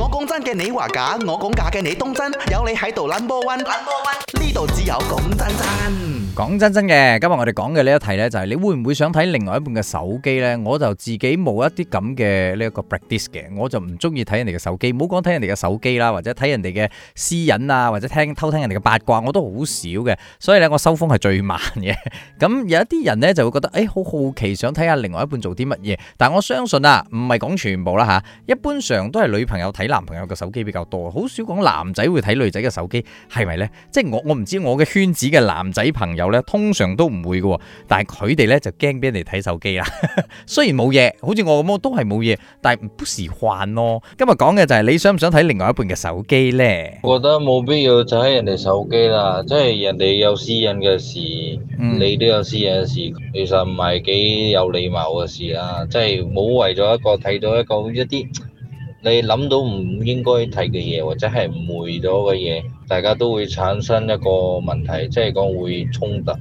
我講真嘅，你話假；我講假嘅，你當真。有你喺度，number one，number one。呢度只有講真真。講真真嘅，今日我哋講嘅呢一題呢，就係、是、你會唔會想睇另外一半嘅手機呢？我就自己冇一啲咁嘅呢一個 practice 嘅，我就唔中意睇人哋嘅手機，唔好講睇人哋嘅手機啦，或者睇人哋嘅私隱啊，或者聽偷聽人哋嘅八卦，我都好少嘅。所以呢，我收風係最慢嘅。咁 有一啲人呢，就會覺得誒、欸，好好奇想睇下另外一半做啲乜嘢。但我相信啊，唔係講全部啦吓，一般上都係女朋友睇男朋友嘅手機比較多，好少講男仔會睇女仔嘅手機，係咪呢？即係我我唔知我嘅圈子嘅男仔朋友。咧通常都唔會噶，但係佢哋咧就驚俾人哋睇手機啦。雖然冇嘢，好似我咁都係冇嘢，但係唔時慣咯。今日講嘅就係你想唔想睇另外一半嘅手機咧？我覺得冇必要就睇人哋手機啦，即係人哋有私隱嘅事，你都有私隱嘅事，其實唔係幾有禮貌嘅事啦。即係冇為咗一個睇到一個一啲你諗到唔應該睇嘅嘢，或者係誤會咗嘅嘢。大家都會產生一個問題，即係講會衝突，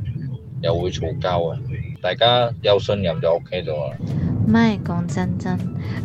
又會嘈交啊！大家有信任就 OK 咗啦。唔係講真真，誒、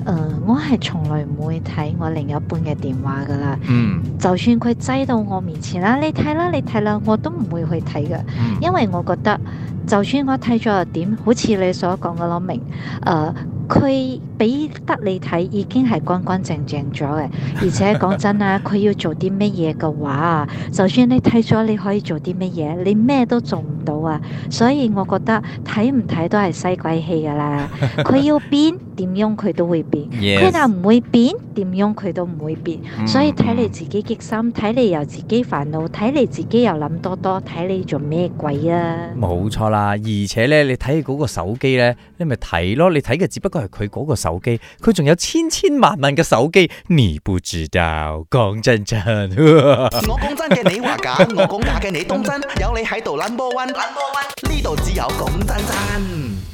呃，我係從來唔會睇我另一半嘅電話噶啦。嗯，就算佢擠到我面前啦，你睇啦，你睇啦，我都唔會去睇嘅，因為我覺得，就算我睇咗又點？好似你所講嘅攞明誒。呃佢俾得你睇已經係乾乾淨淨咗嘅，而且講真啊，佢要做啲乜嘢嘅話，就算你睇咗，你可以做啲乜嘢，你咩都做唔到啊！所以我覺得睇唔睇都係西鬼戲噶啦。佢 要變點樣佢都會變，佢又唔會變點樣佢都唔會變，會變 mm. 所以睇嚟自己激心睇嚟又自己煩惱睇嚟自己又諗多多，睇你做咩鬼啊？冇錯啦，而且咧，你睇嗰個手機咧，你咪睇咯，你睇嘅只不過。佢嗰個手機，佢仲有千千萬萬嘅手機，你不知道。講真真，我講真嘅，你話假，我講假嘅，你當真。有你喺度，Number one，Number one，呢度只有講真真。